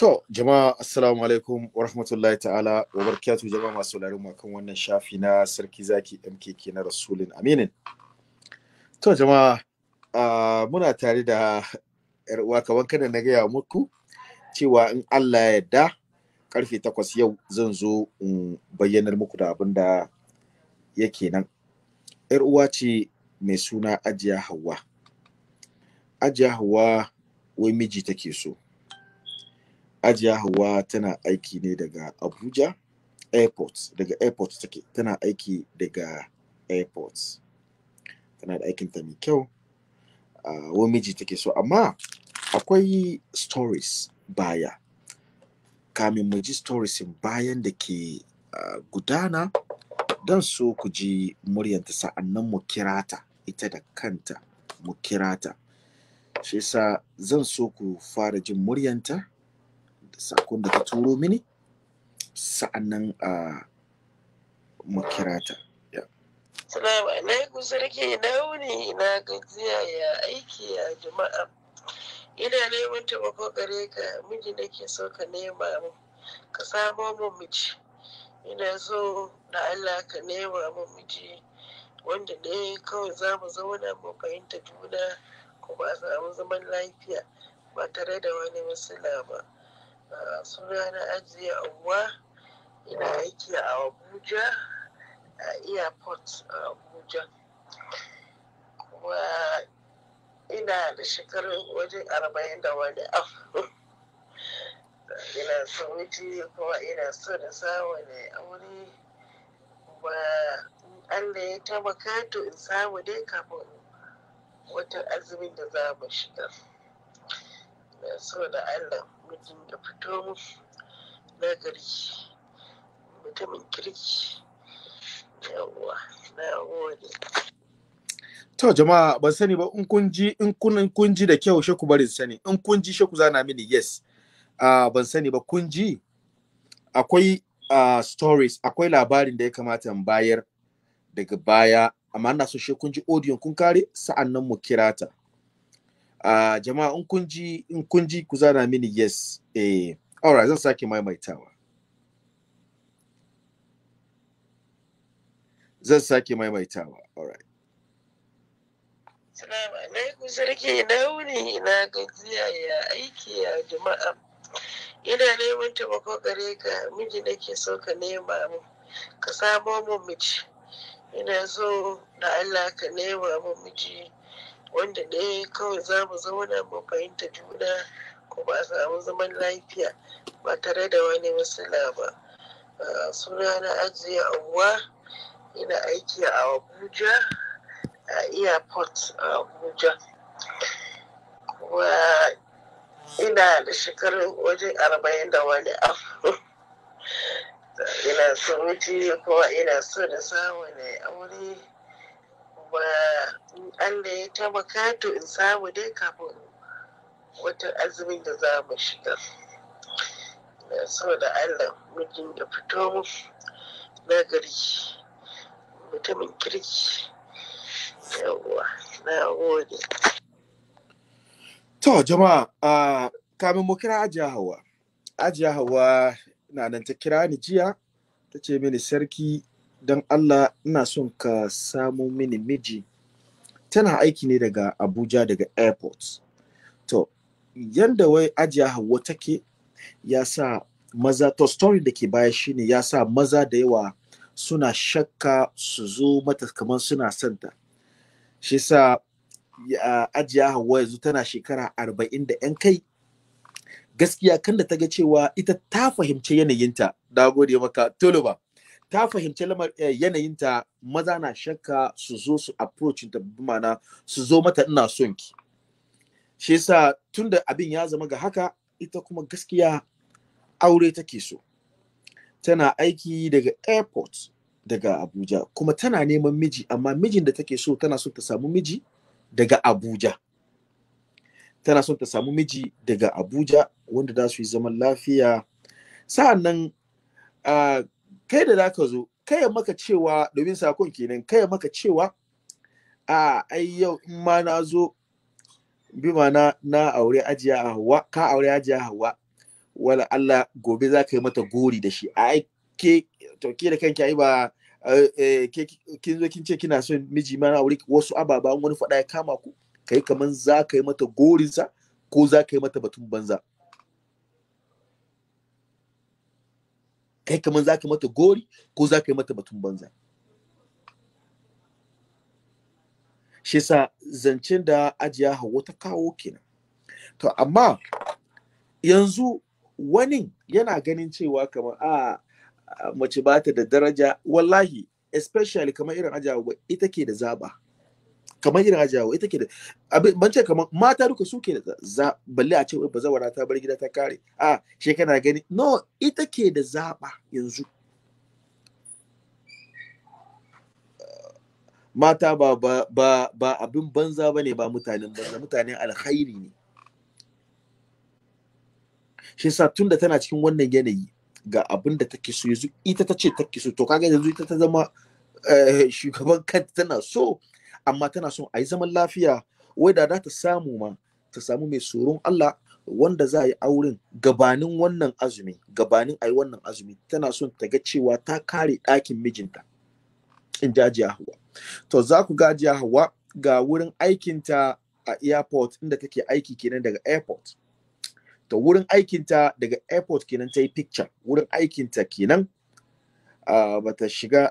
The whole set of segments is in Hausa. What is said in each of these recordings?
To, jama'a assalamu alaikum wa rahmatullahi ta'ala wa barakatu jama'a masu sauraron kan wannan shafi na sarki zaki MKK na Rasulun Aminin. To, jama'a muna tare da yar uwa kada na gaya muku cewa in Allah ya yarda karfe takwas yau zan zo in bayyanar muku da abin da yake nan. Yar uwa ce mai suna Ajiya Hauwa. Ajiya Hauwa wai miji take so. ajiya Hauwa tana aiki ne daga Abuja airport, daga airport take, tana aiki daga airport. Tana da aikinta mai kyau, uh, miji take so, amma akwai stories baya. Kamin mu ji stories bayan da ke gudana, don so ku ji muryanta sa'annan mu kira ta, ita da kanta mu kira ta. Shi yasa zan so ku fara jin muryanta, sakon da ta turo mini sa'annan a ah, makirata salama alaikum sarki launi na gajiya ya aiki ya jama'a ina neman taimako gare ka miji nake so ka nema mu ka samo mu miji ina so da Allah ka nema mu miji wanda ne kawai za mu zauna mu fahimta juna kuma a samu zaman lafiya ba tare da wani matsala ba. sunana ajiye uwa ina aiki a abuja a airport a abuja kuma ina da shekarun wajen arba'in da wani abu ina sauti kuma ina so da samu ne aure kuma allah ya taimaka to in samu dai kafin watan azumin da za mu shiga so da allah Mutum da fito musu nagari mutumin kirki yawwa na ne. to jama'a ban sani ba in kun ji in kun kun da kyau sheku barin sani in kun ji sheku zana mini yes uh, ban sani ba kun ji akwai uh, stories akwai labarin da ya kamata in bayar daga baya amma ina so she kun ji audio kun kare sa'annan mu kirata Uh, jama'a in kun ji in kun ji ku zana mini yes eh alright zan sake maimaitawa zan sake maimaitawa alright Salamu alaikum sarki Ina wuni ina gajiya ya aiki ya jama'a ina neman taimako gare ka miji nake so ka nema mu ka samo mu miji ina so da Allah ka nema mu miji wanda ɗaya kawai za mu zauna mu fahimta juna kuma ba samu zaman lafiya ba tare da wani matsala ba suna na ajiye abuwa ina aiki a abuja a airport a abuja kuma ina da shekarun wajen arba'in da wani afro ina so wuce kuma ina so da samu ne aure Allah ya taimaka to in samu dai kafin wata azumin da za mu shiga na so da Allah mijin da fito mu na gari mutumin kirki yawwa na gode to jama'a kamin mu kira ajiya hawa ajiya hawa na nan ta kira ni jiya ta ce mini sarki don Allah ina son ka samu mini miji tana aiki ne daga Abuja daga airport to yanda wai ajiya hawa take ya sa maza to story da ke baya shine ya sa maza da yawa suna shakka su zo mata kamar suna santa shi sa ajiya hawa yanzu tana shekara arba'in da 'yan kai gaskiya kan da ta ga cewa ita ta fahimci yanayinta na gode maka tuluba ta fahimci lamar eh, yanayinta maza na shakka su zo su approach ta mana su zo mata ina son ki shi yasa tunda abin ya zama ga haka ita kuma gaskiya aure take so tana aiki daga airport daga Abuja kuma tana neman miji amma mijin da take so tana so ta samu miji daga Abuja tana so ta samu miji daga Abuja wanda za su yi zaman lafiya sa'annan uh, kai da zaka zo kai maka cewa domin sakon kenan kai maka cewa a ai yau in ma na zo bi na na aure ajiya a hawa ka aure ajiya a hawa wala Allah gobe za ka yi mata gori da shi ai ke to ke da kanki ai ba eh, eh, kin zo kin ce kina son miji ma na aure wasu ababa wani fada ya kama ku kai kaman za ka yi mata gorinsa ko za ka yi mata batun banza kai kamar za ka mata gori ko za ka yi mata batun banza shi yasa zancen da ajiya hawa ta kawo kenan to amma yanzu wani yana ganin cewa kamar a mace ba ta da daraja wallahi especially kamar irin ajiya ita ke da zaba kamar irin ajawo ita ke da abin ban ce kamar mata duka suke da za balle a ce ba zawara ta bar gida ta kare a she kana gani no ita ke da zaba yanzu mata ba ba ba, ba abin banza bane ba mutanen banza mutanen alkhairi ne shi tun tunda tana cikin wannan yanayi ga abin da take so yanzu ita ta ce take so to kaga yanzu ita ta zama eh, shugaban kanta tana so amma tana son a yi zaman lafiya wai da ta samu ma ta samu mai tsoron Allah wanda za a yi auren gabanin wannan azumi gabanin a wannan azumi tana son ta ga cewa ta kare ɗakin mijinta in jajiya hawa to za ku ga hawa ga wurin aikinta a airport inda take aiki kenan daga airport to wurin aikinta daga airport kenan ta yi picture wurin aikinta kenan bata shiga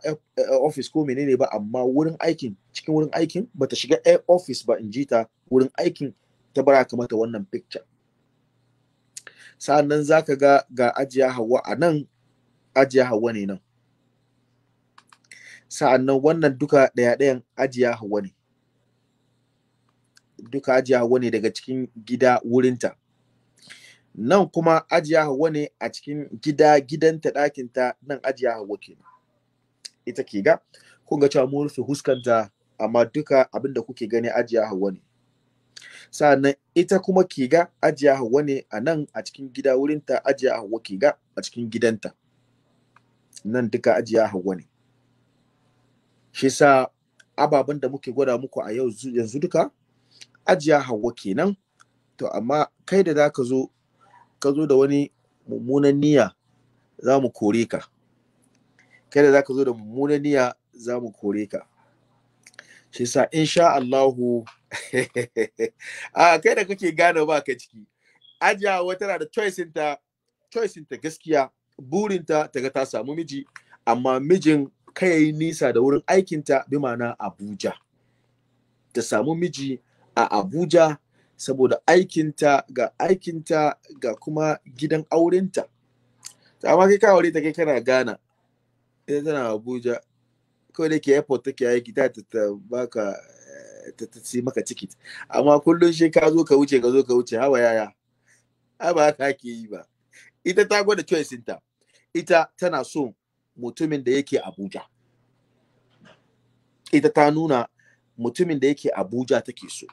office ko menene ba amma wurin aikin cikin wurin aikin bata shiga office ba in ji ta wurin aikin ta bara kamata wannan picture sa'annan zaka ga ga ajiya hawa a nan ajiya hawa ne nan sa'annan wannan duka ɗaya ɗayan ajiya hawa ne duka ajiya hawa ne daga cikin gida wurinta nan kuma ajiya hawa ne a cikin gida gidanta ɗakinta nan ajiya hawa ke ita ke ga kun ga cewa mun rufe huskanta amma duka abin da kuke gani ajiya hawa ne sa'annan ita kuma ke ga ajiya hawa ne a nan a cikin gida wurinta ajiya hawa ke ga a cikin gidanta nan duka ajiya hawa ne shi sa ababen da muke gwada muku a yau yanzu duka ajiya hawa kenan to amma kai da zaka zo ka zo da wani mummunan niyya za mu kore ka kada za ka zo da mummunan niyya za mu kore ka shi sa insha Allahu a kai da kake gane ba ka ciki ajiyawa tana da choicinta choicinta gaskiya burinta ta ga ta samu miji amma mijin kai yi nisa da wurin aikinta bi ma'ana Abuja ta samu miji a Abuja saboda aikinta ga aikinta ga kuma gidan aurenta amma kai ka aure ta kai kana gana ita tana abuja kawai da ke airport take aiki ta ta baka eh, ta ta ci maka ticket amma kullum shi ka zo ka wuce ka zo ka wuce hawa yaya ai ba ke yi ba ita ta gwada choice ta ita tana so mutumin da yake abuja ita ta nuna mutumin da yake abuja take so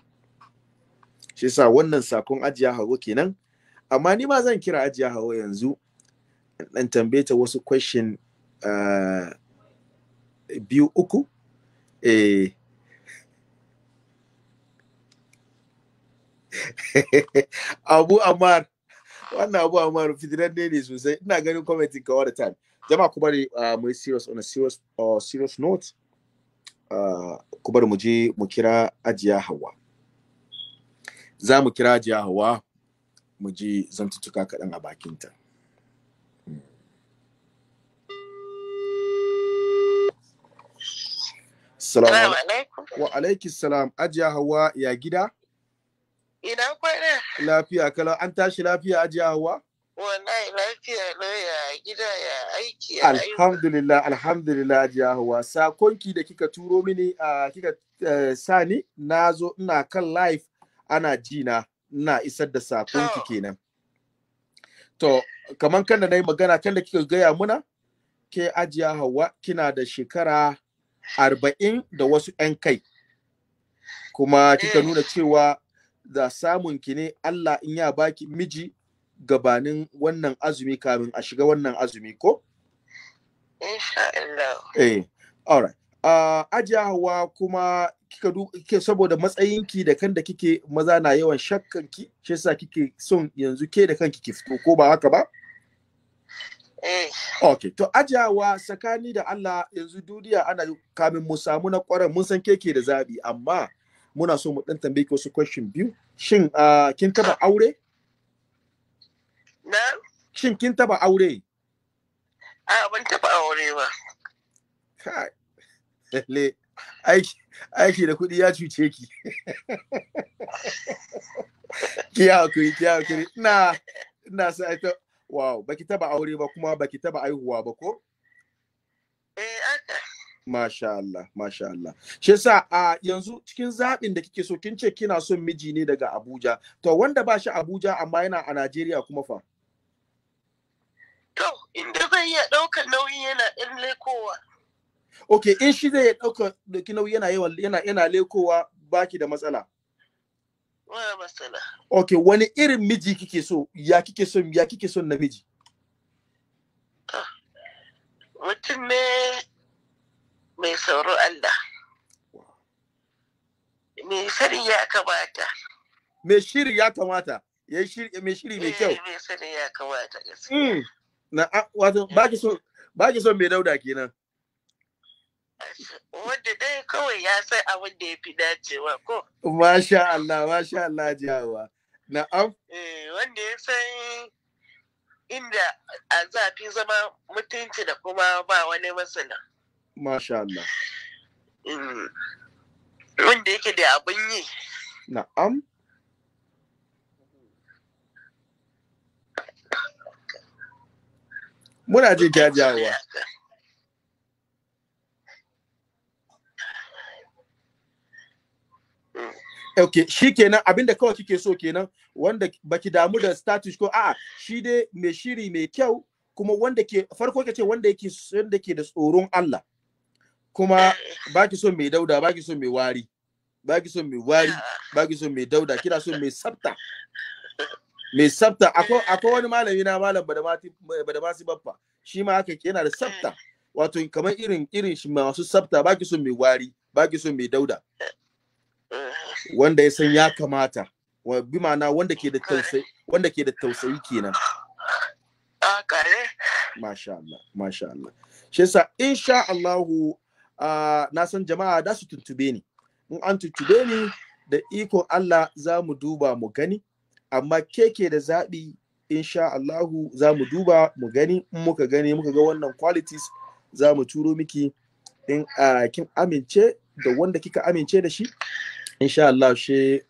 shi yasa wannan sakon ajiya hawo kenan amma ni ma zan kira ajiya hawo yanzu dan tambaye ta wasu question ah, biyu uku eh abu amar wannan abu amar fitinan ne ne sosai ina ganin commenting ka all the time jama'a ku bari ah, mu serious on a serious uh, serious note uh, ku bari mu je mu kira ajiya hawa za mu kira jiya hawa mu ji zantuttuka kaɗan a bakinta. Wa alaikis salam. Ajiya hawa ya gida? Ina kwana. Lafiya kala an tashi lafiya ajiya hawa? Wana lafiya na ya gida ya aiki ya Alhamdulillah, alhamdulillah ajiya hawa. Sakonki da kika turo mini a kika eh, sani na zo ina kan live ana ji na ina isar da sakon kenan to kamar kan da nayi magana kan da kika gaya muna ke ajiya hawa kina da shekara arba'in da wasu 'yan kai kuma kika eh. nuna cewa da samun ki ne Allah in ya baki miji gabanin wannan azumi kamin a shiga wannan azumi ko? Insha Allah. Eh, all uh, ajawa kuma kika kike saboda matsayinki da kan da kike maza na yawan shakkan ki shi yasa kike son yanzu ke da kanki ki fito ko ba haka ba eh okay to ajawa tsakani da Allah yanzu duniya ana kamin mu samu na ƙwarar mun san keke da zabi amma muna so mu dan tambaye ki wasu question biyu shin uh, kin taba aure na shin kin taba aure a ban taba aure ba le aiki da kuɗi ya cuce ki. Ki hakuri, ki hakuri. Ina, ina sa ita, wow, baki taba aure ba kuma baki taba aihuwa ba ko? Eh, eh, Masha Allah, Masha Allah. Shi yasa a yanzu cikin zaɓin da kike so kin ce kina son miji ne daga Abuja. To wanda ba shi Abuja amma yana a Najeriya kuma fa? To, inda zai iya ɗaukar nauyi yana ɗan lekowa. okay in shi zai dauka dauki nauyi yana yawan yana yana lekowa baki da matsala Wa matsala okay wani irin miji kike so ya kike so ya kike so namiji ah, mutum ne mai sauro Allah mai shiri ya kamata mai shiri ya kamata ya shiri mai shiri mai kyau eh, mai shiri ya kamata gaskiya hmm. na wato baki ki so ba ki so mai dauda kenan wanda dai kawai ya san abin da ya fi dacewa ko. Masha Allah, masha Allah jiyawa. Na'am? Eh, wanda ya san inda a zafi zama mutunci da kuma ba wani masana. Masha Allah. Eh, wanda yake da abin yi. Na'am? Muna jin jajawa. Okay, shi kenan abinda kawai kike so kenan wanda baki damu da status ko a'a shi dai mai shiri mai kyau kuma wanda ke farko kace wanda yake wanda ke da tsoron Allah kuma baki son mai dauda baki son mai wari baki son mai wari baki son mai dauda kina so mai sabta mai sabta akwai akwai wani malami na malam badamati badamasi baffa shi ma haka yana da sabta wato kamar irin irin shi masu sabta baki son mai wari baki son mai dauda wanda ya san ya kamata bi ma'ana wanda ke da tausayi wanda ke da tausayi kenan masha Allah masha Allah shi yasa insha Allah uh, na san jama'a da su tuntube ni in an tuntube ni da ikon Allah za mu duba mu gani amma keke da zaɓi insha Allah za mu duba mu gani in muka gani muka ga wannan qualities za mu turo miki in uh, kin amince da wanda kika amince da shi insha Allah shi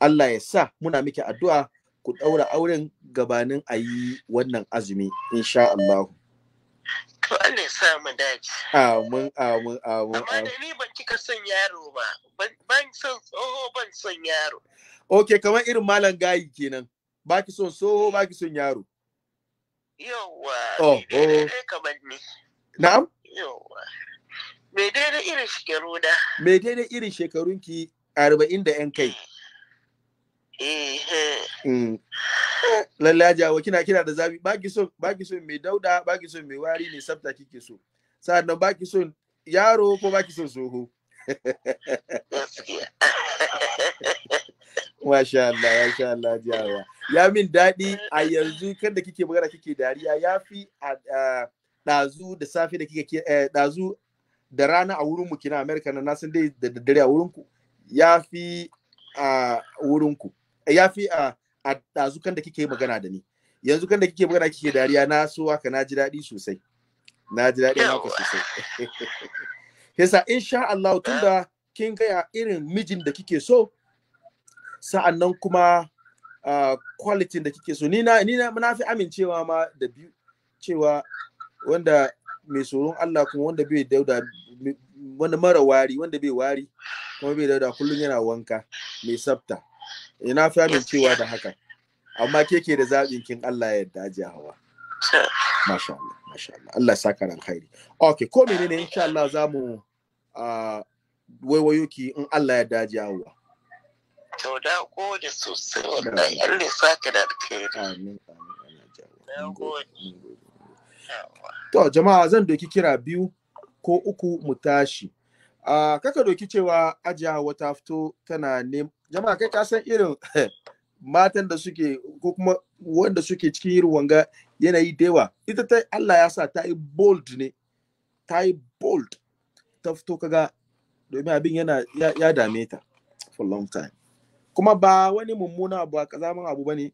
Allah ya sa muna miki addu'a ku ɗaura auren gabanin a yi wannan azumi insha Allah. To Allah ya sa mu dace. Amin amin amin. Amma da ni ban kika son yaro ba. Ban son tsoho ban son yaro. Ok, kamar irin malam gayi kenan. ba ki son tsoho ki son yaro. Yawwa. Oh, oh. Na'am? Yawwa. Mai daidai irin shekaru da. Mai daidai irin shekarun ki arba'in da yan kai. Eh, eh. mm. Lallai jawo kina kina da zabi baki so baki so mai dauda baki so mai wari mai sabta kike so. Sa'an nan baki so yaro ko baki so soho. Masha Allah, masha Allah jawo Ya min daɗi a yanzu da kike magana kike dariya ya fi a ɗazu da safe da kike eh, ɗazu da rana a wurin mu kina Amerika na nasin dai da daddare a wurin ya fi a wurin ya fi a a dazukan da kike magana da ni yanzu kan da kike magana kike dariya na so haka na ji daɗi sosai na ji daɗi haka sosai yasa insha Allah tunda kin gaya irin mijin da kike so sa'annan kuma quality da kike so ni na ni na fi amincewa ma da biyu cewa wanda mai tsoron Allah kuma wanda bai dauda wani mara wari wanda bai wari kuma bai da kullum yana wanka mai sabta ina eh, fahimin cewa da haka amma ke ke da zaɓin kin Allah ya yarda ji hawa masha Allah masha Allah Allah saka ran khairi okay ko menene insha Allah zamu a waiwayo ki in Allah ya daji hawa to da gode sosai wallahi Allah saka da alkhairi amin amin ana jawo to jama'a zan doki kira biyu ko uku mu tashi a kaka doki cewa ajiya hawa ta fito tana ne jama'a kai ka san irin matan da suke ko kuma wanda suke cikin irin wanga yanayi da yawa ita ta Allah ya sa ta yi bold ne ta yi bold ta fito kaga domin abin yana ya, dame ta for long time kuma ba wani mummuna ba kazaman abu bane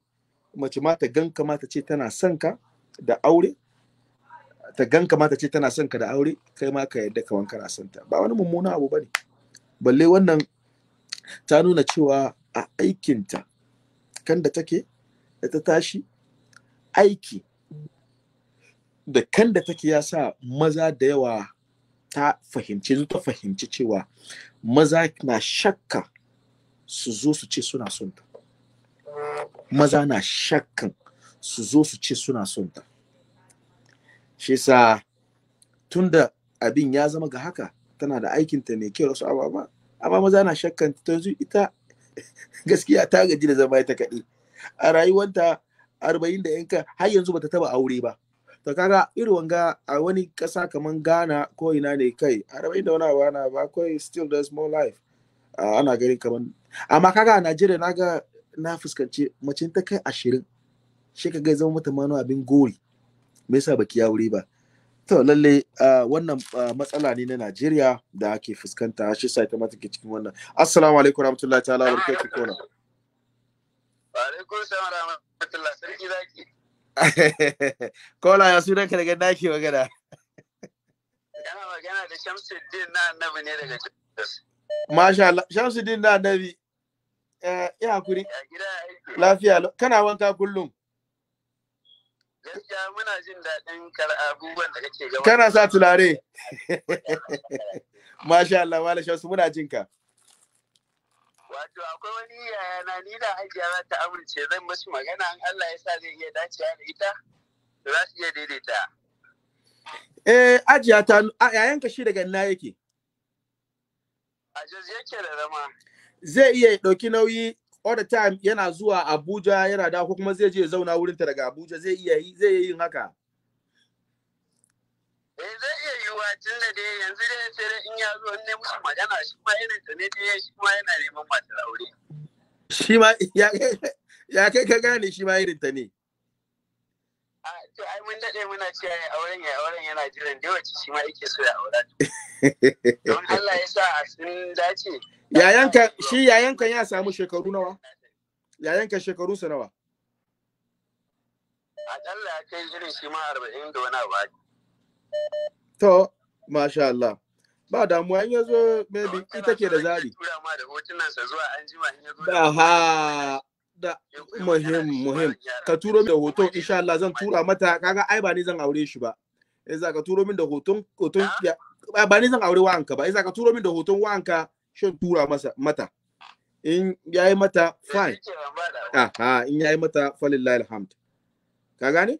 mace ma ta ganka ma ce tana son ka da aure ta gan mata ce tana son ka da aure kai ma ka yadda kaman kana son ta ba wani mummuna abu bane balle wannan ta nuna cewa a aikinta kan da take da ta tashi aiki da kan da take ya sa maza da yawa ta fahimci ta fahimci cewa maza na shakka su zo su ce suna son ta maza na shakkan su zo su ce suna son ta shi sa tunda abin ya zama ga haka tana da aikinta mai kyau su. ababa amma maza na shakkan ta yanzu ita gaskiya ta gaji da zama ita kaɗi. a rayuwanta arba'in da yanka har yanzu bata taba aure ba to kaga irin wanga a wani ƙasa kamar ghana ko ina ne kai arba'in da wani abu ana ba kai still there's more life ana gani kamar amma kaga a najeriya na ga na fuskanci mace ta kai ashirin shi ka ga zama mata manu abin gori me yasa baki aure ba to lalle wannan matsala ne na Najeriya da ake fuskanta shi sai ta ma ke cikin wannan assalamu alaikum warahmatullahi ta'ala barakatuh kona wa alaikum assalam warahmatullahi sarki zaki kola ya sunan ka daga daki magana yana magana da Shamsuddin na annabi ne daga Masha Allah Shamsuddin na annabi eh, ya hakuri lafiya kana wanka kullum Gaskiya muna jin daɗin karɓar abubuwan da kake gaba. Kana sa tulare. Masha Allah, Malam Shamsu muna jin ka. Wato akwai wani yayana ni da hajiya za ta amince zan musu magana an Allah ya sa zai iya dace da ita. Za su iya daidaita. Eh, ajiya ta ka shi daga ina yake? A yake da zama. Zai iya ɗauki nauyi all the time yana zuwa Abuja yana da ko kuma zai je zauna wurin ta daga Abuja zai iya yi zai yi yin haka eh zai iya yiwuwa tun da dai yanzu dai sai dai in ya zo ne musu magana shi ma irin ta ne dai shi ma yana neman matar aure shi ma ya kai ka gane shi ma irin ta ne to ai mun dade muna cewa auren ya auren yana jiran dai wace shi ma yake so ya aura don Allah ya sa sun dace yayanka shi yayanka ya samu shekaru nawa yayanka shekaru sa nawa akalla ya kai jirin shi ma arba'in da wani ba to masha Allah ba damuwa in yazo maybe ita ke da zabi da aha da muhim muhim ka turo min da hoton insha Allah zan tura mata kaga ai ba ni zan aure shi ba in za ka turo min da hoton hoton ba ni zan aure wa'anka ba in za ka turo min da hoton wa'anka shan tura mata in ya yi mata fine aha in ya yi mata falillahi alhamd ka gane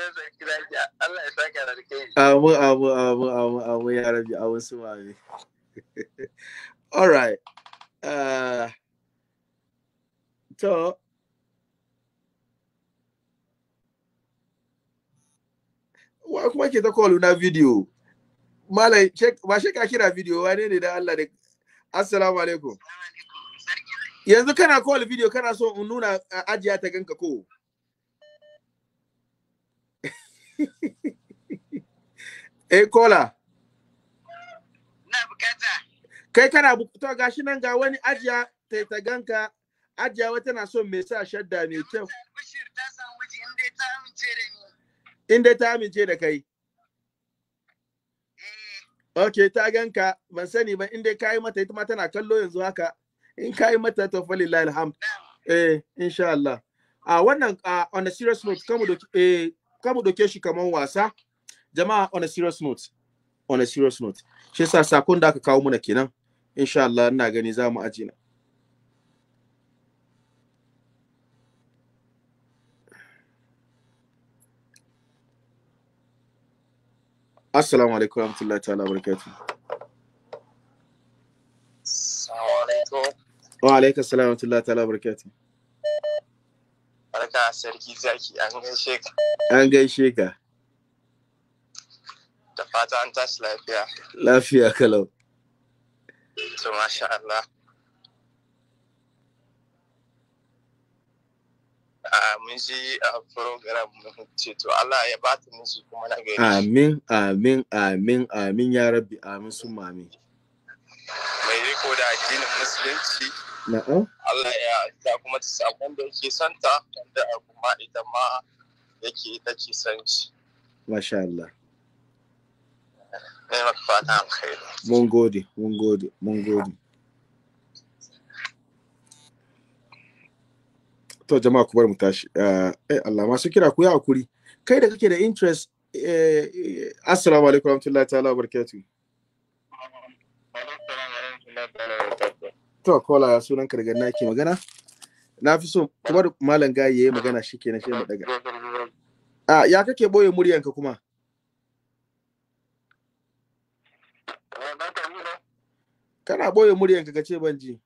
Allah ya saka da kai amu amu amu amu amu ya rabi amu su mami all right uh, to wa kuma ke ta call na video malai ba shi ka kira video wane ne da Allah da Assalamu alaikum. Yanzu kana call video kana so in nuna ajiya ta ganka ko? eh kola. Na bukata. Kai kana to gashi nan ga wani ajiya ta ta ganka ajiya wata na son mai sa shadda mai kyau. Bashir ta samu inda ta amince da ni. Inda ta amince da kai. ok ta ganka ban sani ba inda ka yi mata ita ma tana kallo yanzu haka in ka yi mata to falillahi alhamd eh insha Allah a wannan on a serious note kamu doke eh kamu shi kaman wasa jama'a on a serious note on a serious note shi sa sakon da aka kawo muna kenan insha Allah ina gani za mu na Assalamu alaikum warahmatullahi ta'ala barakatuh. Wa alaikum salam warahmatullahi ta'ala barakatuh. Barka sarki zaki an gaishe ka. An gaishe ka. Da fata an tashi lafiya. Lafiya kalau. To masha Allah. mun ji a program ce to Allah ya ba ta musu kuma na gari. Amin, amin, amin, amin ya rabbi, amin su mami. Mai riko da addinin musulunci. Na'am. Allah ya ta kuma ta sakon da yake santa wanda kuma ita ma yake ita san shi. Masha Allah. Mun gode, mun gode, mun gode. to jama'a ku bar mu tashi eh, eh Allah masu kira ku ya hakuri kai da kake da interest eh assalamu alaikum warahmatullahi ta'ala wabarakatuh to kola ya sunan kargar naki magana na fi so kuma malam gayi yayi magana shikenan shi mu daga a ya kake boye muryanka kuma kana boye muryanka kace ban ji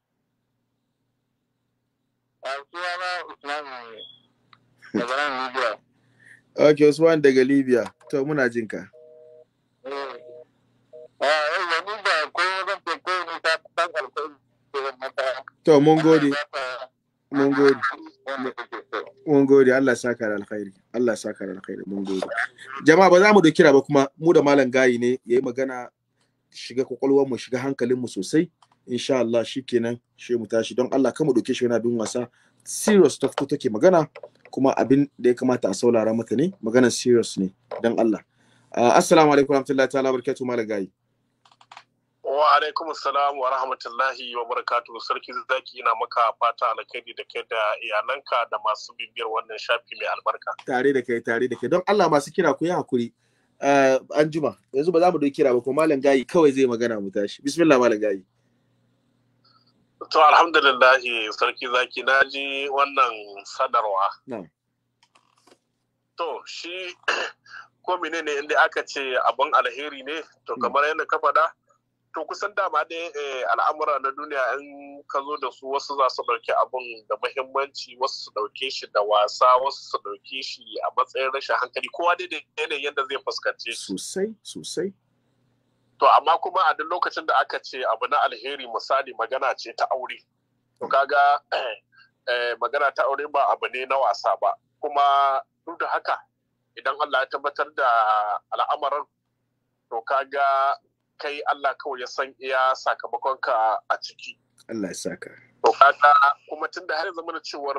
Daga nan Libya. Ok, Usman daga Libya. To, muna jin ka. Eh, eh, to, mun gode. Mun gode. Mun gode, Allah sakar alkhairi. Allah sakar alkhairi, mun gode. Jama'a ba za mu da kira ba kuma mu da Malam Gayi ne ya yi magana shiga kwakwalwar mu shiga hankalin mu sosai. Insha Allah shikenan shi mu tashi don Allah kama mu doke shi wani abin wasa. Serious stuff ko take magana kuma abin da ya kamata a saulara maka ne magana serious ne don Allah ah, assalamu alaikum rahmatullahi ta'ala barkatu malam gayi wa alaikum assalam wa rahmatullahi wa barakatuhu sarki zaki ina maka fata alkhairi da kai da iyalanka da masu bibiyar wannan shafi mai albarka tare da kai tare da kai don Allah masu kira ku yi hakuri ah, an yanzu ba za mu doki kira ba ko malam gayi kawai zai magana mu tashi bismillah malam gayi To alhamdulillahi sarki zaki na ji wannan sadarwa. To shi ko ne inda aka ce abun alheri ne to mm. kamar yadda ka faɗa to kusan dama dai eh, al'amura na duniya in ka zo da su wasu za su ɗauki abun da mahimmanci wasu su ɗauke shi da wasa wasu su ɗauke shi a matsayin rashin hankali kowa dai da yanayin yadda zai fuskance shi. Sosai sosai. to amma kuma a duk lokacin da aka ce abu na alheri misali magana ce ta aure to kaga eh, magana ta aure ba abu ne na wasa ba kuma duk da haka idan Allah ya tabbatar da al'amarin to kaga kai Allah kawai ya san iya sakamakonka a ciki Allah ya saka to kaga kuma tunda har zama cewar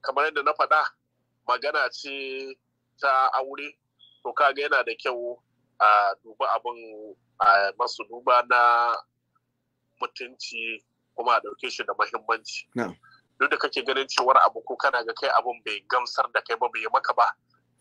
kamar yadda na faɗa magana ce ta aure to kaga yana da kyau a duba abin a masu duba na mutunci kuma a ɗauke shi da mahimmanci. Duk da kake ganin cewar abu ko kana ga kai abin bai gamsar da kai ba bai maka ba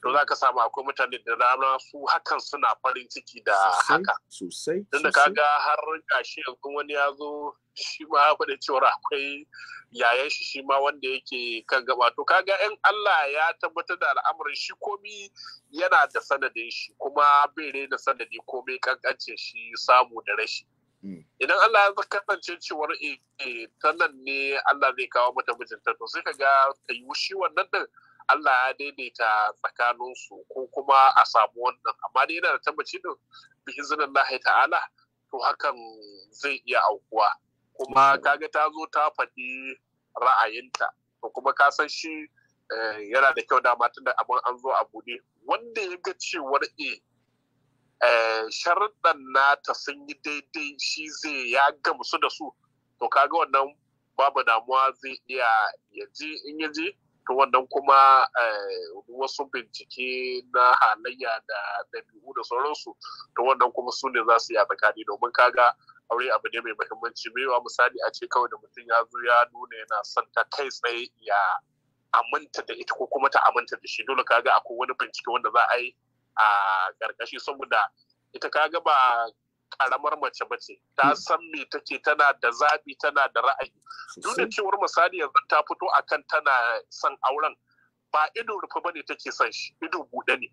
to za ka samu akwai mutane da rana su hakan suna farin ciki da haka sosai don da kaga har kashi yanzu wani ya zo shi ma cewar akwai yayan shi shi ma wanda yake kan gaba to kaga yan Allah ya tabbatar da al'amarin shi komi yana da sanadin shi kuma bai da sanadi komai kankance shi samu da rashi mm. idan Allah ya kasance cewar e ta nan ne Allah zai kawo mata mijinta to sai ka ga ta yi wushi wannan din Allah ya daidaita tsakaninsu ko kuma a samu wannan amma dai yana da tabbaci din bi izinin Allah ta'ala to hakan zai iya aukuwa kuma kaga ta zo ta faɗi ra'ayinta to kuma ka san shi eh, yana da kyau dama tunda abin an zo a buɗe wanda ya ga cewar e eh, eh, sharuɗan nata sun yi daidai shi zai ya gamsu da su to kaga wannan babu damuwa zai iya yaje in yaje to wannan kuma eh, wasu bincike na halayya da ɗabi'u da sauransu to wannan kuma su ne za su yi a tsakani domin kaga aure abu ne mai mahimmanci baiwa misali a ce kawai da mutum ya zo ya nuna yana son ta kai tsaye ya aminta da ita ko kuma ta aminta da shi dole kaga akwai wani bincike wanda za a yi a ƙarƙashi saboda ita kaga ba karamar mace bace ta hmm. san me take tana da zabi tana da ra'ayi duk da cewar misali yanzu ta fito akan tana son auren ba ido rufe bane take son shi ido bude ne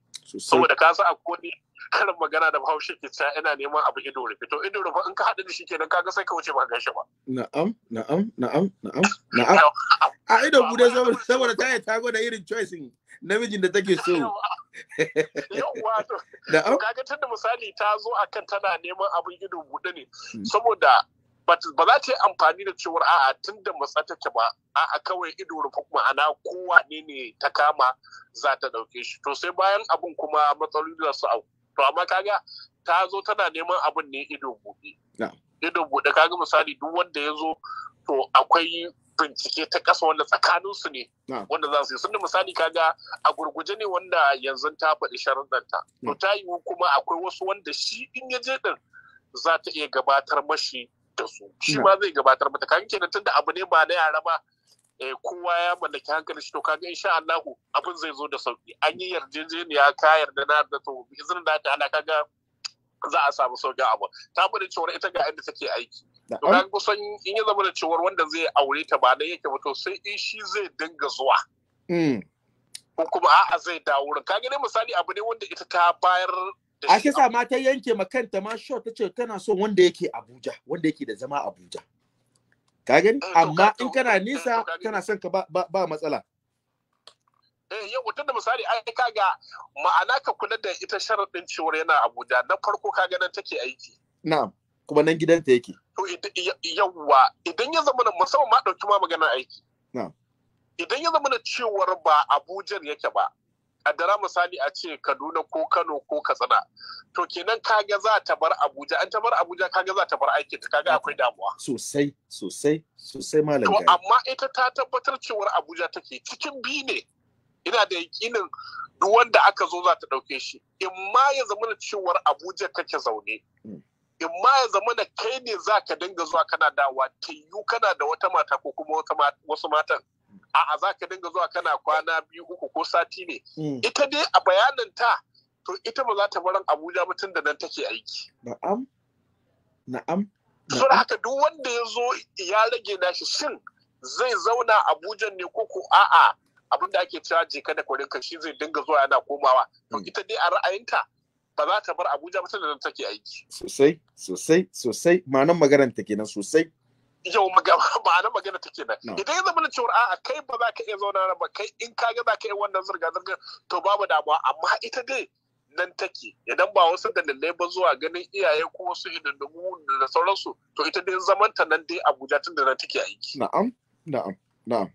saboda ka san akwai karin magana da bahaushe ke cewa ina neman abu ido rufe to ido rufe in ka haɗu da shi kenan kaga sai ka wuce ba gan shi ba na'am na'am na'am na'am na'am a ido bude saboda ta yi tago da irin choicing namijin da take so na'am kaga tun da misali ta zo akan tana neman abin ido bude ne hmm. saboda ba za ta yi amfani da cewar a'a tun da matsa take ba a'a kawai ido rufe kuma ana kowa ne ne ta kama za ta ɗauke shi to sai bayan abin kuma matsaloli da su auku to amma kaga ta zo tana neman abin ne ido buɗe ido buɗe kaga misali duk wanda ya zo to akwai bincike ta ƙasa wanda tsakanin su ne wanda za su yi sunda misali kaga a gurguje ne wanda yanzu ta faɗi sharuɗanta to ta yiwu kuma akwai wasu wanda shi in ya je din za ta iya gabatar mashi da su shi ma zai gabatar mata kan kenan tunda abu ne ba na yara ba Eh, kowa ya mallaki hankali shi to kaga insha Allahu abin zai zo da sauki an yi yarjejeniya ka yarda na da to izinin da ta ala kaga za a samu sauki abu ta bude cewa ita ga inda take aiki to kaga kusan in ya zama da cewa wanda zai aure ta ba dan yake ba to sai in shi zai dinga zuwa mm. ko kuma a'a zai dawo wurin kaga dai misali abu ne wanda ita ta bayar a shi ma ta yanke ma kanta ma shot ta ce tana so wanda yake Abuja wanda yake da zama Abuja ka gani eh, amma in kana eh, eh, nisa kana son ka ba matsala eh yau da misali ai kaga ma'ana ka kula da ita sharadin cewar yana Abuja na farko ka nan take aiki na'am kuma nan gidanta yake to yawa idan ya zama musamman ma dauki ma maganar aiki na'am idan ya zama cewar ba Abuja yake ba A dara misali a ce kaduna ko kano ko katsina to kenan kaga za ta bar abuja an ta bar abuja kaga za ta bar aikin ta kaga akwai damuwa sosai sosai sosai malam to amma ita ta tabbatar cewar abuja take cikin bi ne ina da yakinin duk wanda aka zo za ta dauke shi in ma ya zama cewar abuja take zaune hmm. in ma ya zama da kai ne za ka dinga zuwa kana dawa ta kana da wata mata ko kuma wasu matan a'a za ka dinga zuwa kana kwana biyu uku ko sati ne hmm. ita dai a bayanin ta to ita ba za ta barin abuja ba tun da nan take aiki na'am na'am saboda haka duk wanda ya zo ya rage nashi shin zai zauna abuja ne ko ko a'a abin da ake cewa jeka da kwarinka shi zai dinga zuwa yana komawa to hmm. ita dai a ra'ayinta ba za ta bar abuja ba tun da nan take aiki sosai sosai sosai ma'anar maganar kenan sosai yau ma'ana magana take nan idan ya zama na cewa a'a kai ba za ka iya zauna na ba kai in ka ga za ka iya wannan zirga-zirga to babu damuwa amma ita dai nan take idan ba wasu dalilai ba zuwa ganin iyaye ko wasu hidindimu da sauransu to ita dai zamanta nan dai abuja tun da na take aiki na'am na'am na'am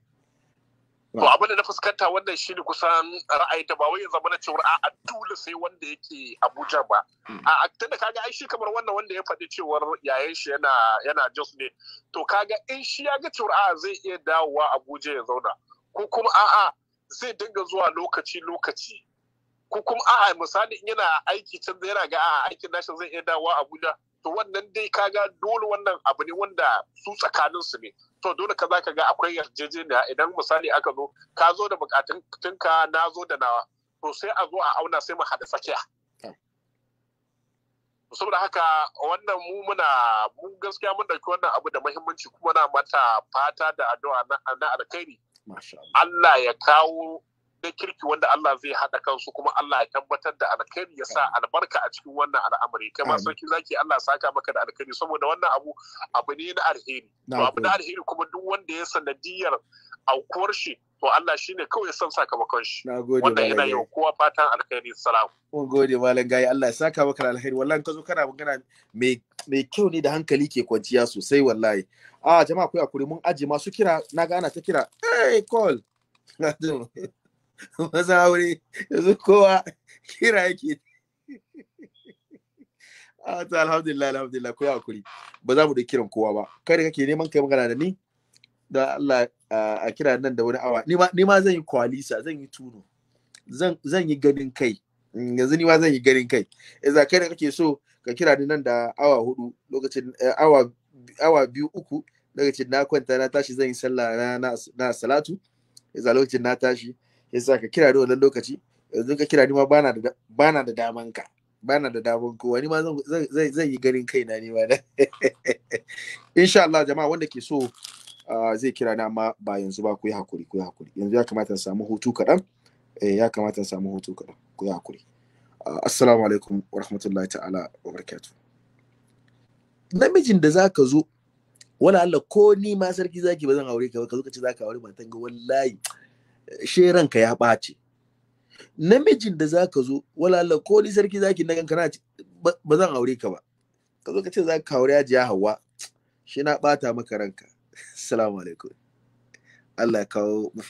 To abin da na fuskanta wannan shi ne kusan ra'ayi ta ba wai zama na cewar a dole sai wanda yake Abuja ba. Hmm. A da kaga ai shi kamar wannan wanda ya faɗi cewar yayan shi yana yana Jos ne. To kaga in shi ya ga cewar a zai iya dawowa Abuja ya zauna. Ko kuma a'a zai dinga zuwa lokaci lokaci. Ko kuma a'a misali in yana aiki can zai yana ga a'a aikin nashi zai iya dawowa Abuja. To wannan dai kaga dole wannan abu ne wanda su tsakaninsu ne. to dole ka zaka ga akwai yarjejeniya idan misali aka zo ka zo da bukatun tunka na zo da nawa to sai a zo a auna sai mu hada tsakiya saboda haka wannan mu muna mu gaskiya mun dauki wannan abu da muhimmanci kuma na mata fata da addu'a na alkhairi Allah ya kawo na kirki wanda Allah zai haɗa kansu kuma Allah ya tabbatar da alkhairi ya sa albarka a cikin wannan al'amari kai ma sarki zaki Allah saka maka da alkhairi saboda wannan abu abu ne na alheri to abu na alheri kuma duk wanda ya sanadiyar aukuwar shi to Allah shine kawai ya san sakamakon shi wanda yana yau kowa fatan alkhairi salam mun gode malam gayi Allah ya saka maka da alkhairi wallahi ka zo kana magana mai mai kyau ne da hankali ke kwanciya sosai wallahi a ah, jama'a ku akuri mun aje masu kira na gana ta kira hey call maza aure yanzu kowa kira yake a ah, ta alhamdulillah alhamdulillah kowa kuri ba za mu da kiran kowa ba kare kake neman kai magana da ni da Allah a kira nan da wani awa ni ma zan yi kwalisa zan yi tuno zan yi ganin kai mm, yanzu ni ma zan yi ganin kai Yanzu kai da kake so ka kira ni nan da awa hudu lokacin eh, awa awa biyu uku lokacin na kwanta na tashi zan yi sallah na salatu idan lokacin na tashi yasa ka kira ni wannan lokaci yanzu ka kira ni ma bana da bana da daman ka bana da daman ko wani ma zai zai yi ganin kaina ne ma insha Allah jama'a wanda ke so ah, zai kira na amma ba yanzu ba ku yi hakuri ku yi hakuri yanzu ya kamata samu hutu kaɗan eh ya kamata samu hutu kaɗan ku yi hakuri ah, assalamu alaikum wa rahmatullahi ta'ala wa barakatuh namijin da zaka zo wala Allah ko ni ma sarki zaki ba zan aure ka ba ka zo ka ce zaka aure matan ga wallahi she ranka ya ɓace namijin da zaka zo wala ko ni sarki zaki na ganka ba zan aure ka ba ka zo ka ce zaka aure ya Hauwa shi na ɓata maka ranka assalamu alaikum Allah ya kawo mafi